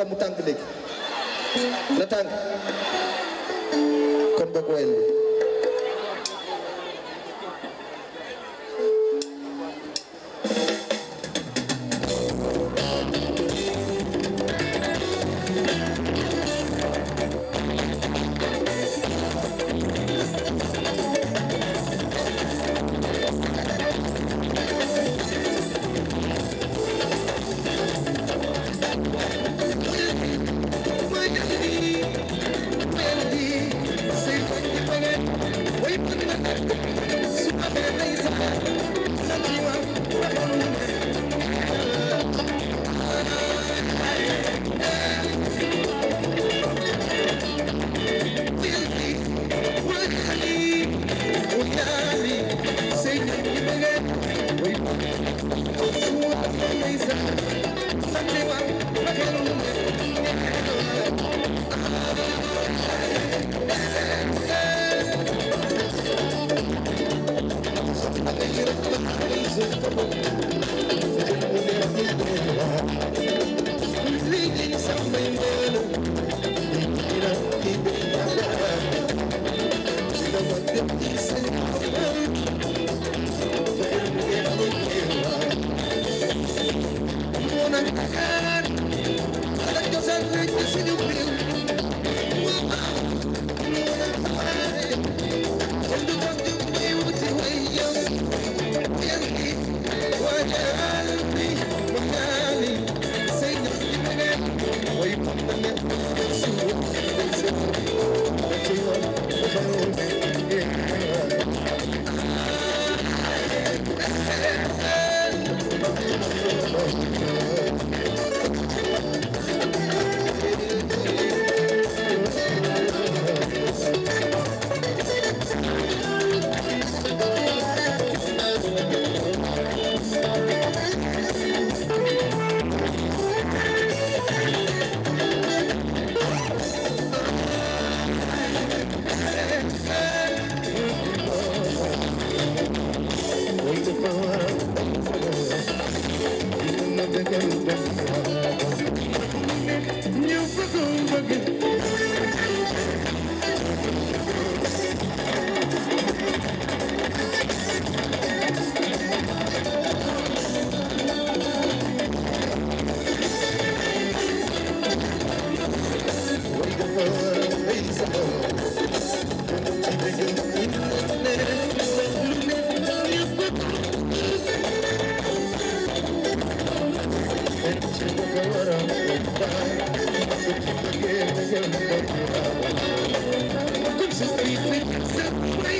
te mu tàng léegi na tàng kon bokk wayal bi bëgg Come, sister, you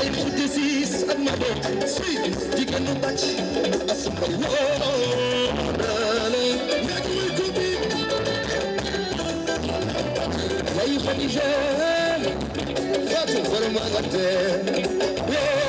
yaay xuddi siis ak ma bopp suy jigéenu bàcc asuma woo daale nekk muy kubbi yaay xoddi jeex faatu wala ma nga tee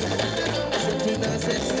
Yes.